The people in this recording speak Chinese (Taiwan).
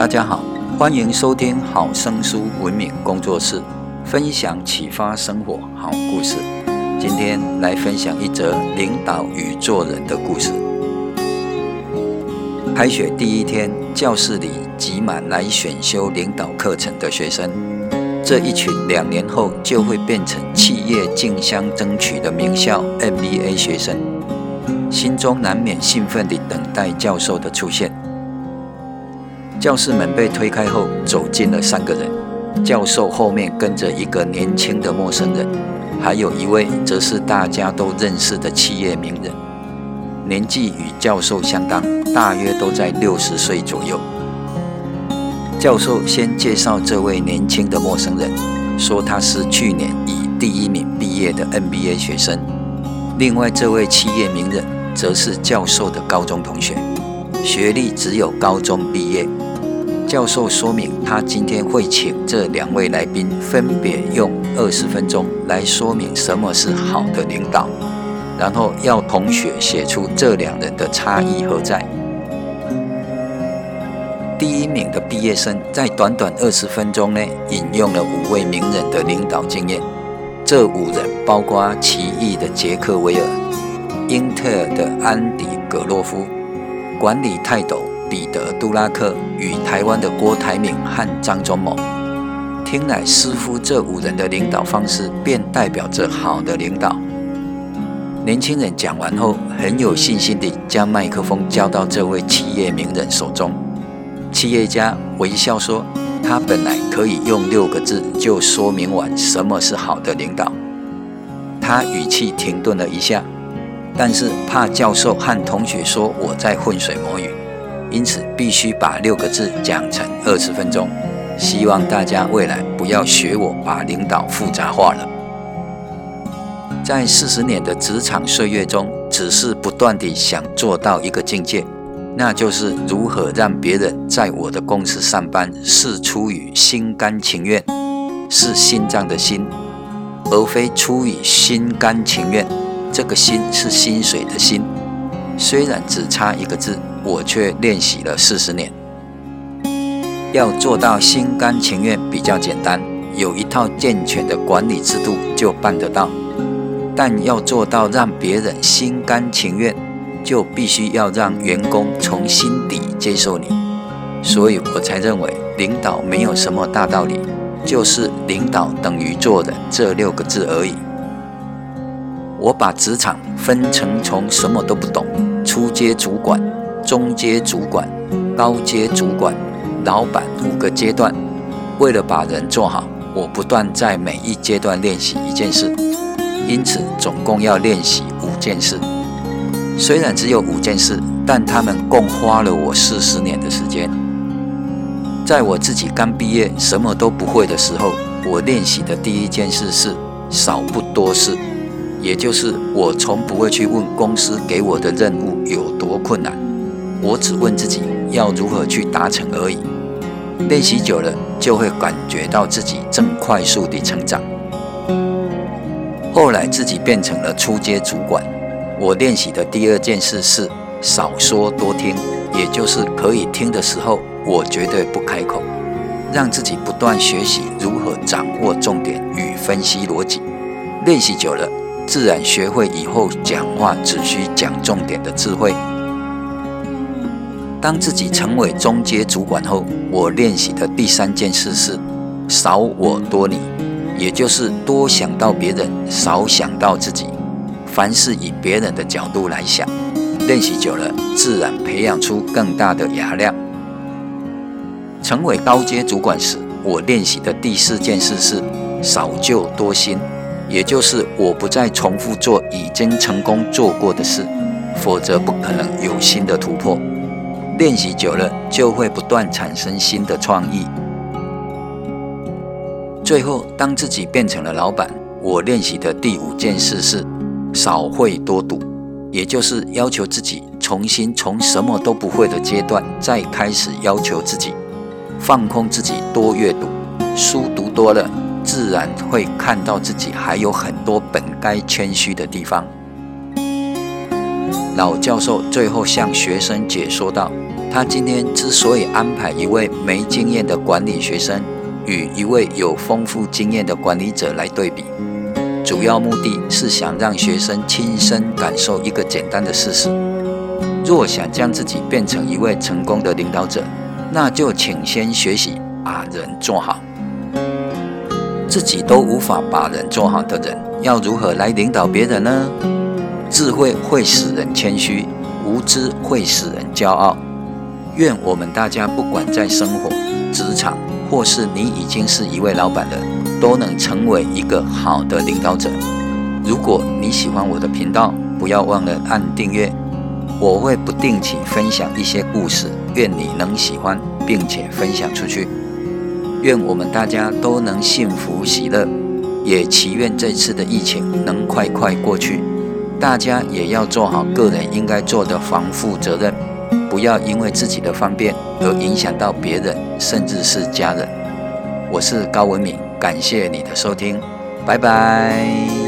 大家好，歡迎收聽好生書文明工作室，分享啟發生活好故事。今天來分享一則領導與做人的故事。開學第一天，教室裡擠滿來選修領導課程的學生，這一群兩年後就會變成企業競相爭取的名校 MBA 學生，心中難免興奮地等待教授的出現。教室門被推開後，走進了三個人。教授後面跟着一個年輕的陌生人，還有一位則是大家都認識的企業名人，年紀與教授相當，大約都在六十歲左右。教授先介紹這位年輕的陌生人，說他是去年以第一名畢業的 MBA 學生。另外，這位企業名人則是教授的高中同學，學歷只有高中畢業。教授說明，他今天會請這兩位來賓分別用二十分鐘來說明什麼是好的領導，然後要同學寫出這兩人的差異何在。第一名的畢業生在短短二十分鐘內引用了五位名人的領導經驗，這五人包括奇異的傑克韋爾、英特爾的安迪葛洛夫、管理泰斗彼得·杜拉克與台灣的郭台銘和張忠謀，聽來似乎這五人的領導方式便代表着好的領導。年輕人講完後，很有信心地將麥克風交到這位企業名人手中。企業家微笑說：“他本來可以用六個字就說明完什麼是好的領導。”他語氣停頓了一下，但是怕教授和同學說我在渾水摸魚。因此，必須把六個字講成二十分鐘。希望大家未來不要學我，把領導複雜化了。在四十年的職場歲月中，只是不斷地想做到一個境界，那就是如何讓別人在我的公司上班是出於心甘情願，是心臟的心，而非出於心甘情願，這個心是薪水的薪。雖然只差一個字。我卻練習了四十年，要做到心甘情願比較簡單，有一套健全的管理制度就辦得到。但要做到讓別人心甘情願，就必須要讓員工從心底接受你。所以我才認為，領導沒有什麼大道理，就是領導等於做人這六個字而已。我把職場分成從什麼都不懂，初階主管。中階主管、高階主管、老闆五個階段，為了把人做好，我不斷在每一階段練習一件事，因此總共要練習五件事。雖然只有五件事，但他們共花了我四十年的時間。在我自己剛畢業、什麼都不會的時候，我練習的第一件事是少不多事，也就是我從不會去問公司給我的任務有多困難。我只問自己要如何去達成而已。練習久了，就會感覺到自己正快速的成長。後來自己變成了初階主管，我練習的第二件事是少說多聽，也就是可以聽的時候，我絕對不開口，讓自己不斷學習如何掌握重點與分析邏輯。練習久了，自然學會以後講話只需講重點的智慧。當自己成為中階主管後，我練習的第三件事是少我多你，也就是多想到別人，少想到自己。凡事以別人的角度來想，練習久了，自然培養出更大的雅量。成為高階主管時，我練習的第四件事是少舊多新，也就是我不再重複做已經成功做過的事，否則不可能有新的突破。練習久了，就會不斷產生新的創意。最後，當自己變成了老板，我練習的第五件事是少會多讀，也就是要求自己重新從什麼都不會的階段再開始，要求自己放空自己，多閱讀。書讀多了，自然會看到自己還有很多本該謙虛的地方。老教授最後向學生解說道：“他今天之所以安排一位沒經驗的管理學生與一位有豐富經驗的管理者來對比，主要目的是想讓學生親身感受一個簡單的事實。若想將自己變成一位成功的領導者，那就請先學習把人做好。自己都無法把人做好的人，要如何來領導別人呢？”智慧會使人謙虛，無知會使人驕傲。願我們大家不管在生活、職場，或是你已經是一位老闆了，都能成為一個好的領導者。如果你喜歡我的頻道，不要忘了按訂閱。我會不定期分享一些故事，願你能喜歡，並且分享出去。願我們大家都能幸福喜樂，也祈願這次的疫情能快快過去。大家也要做好個人應該做的防護責任，不要因為自己的方便而影響到別人，甚至是家人。我是高文明，感謝你的收聽，拜拜。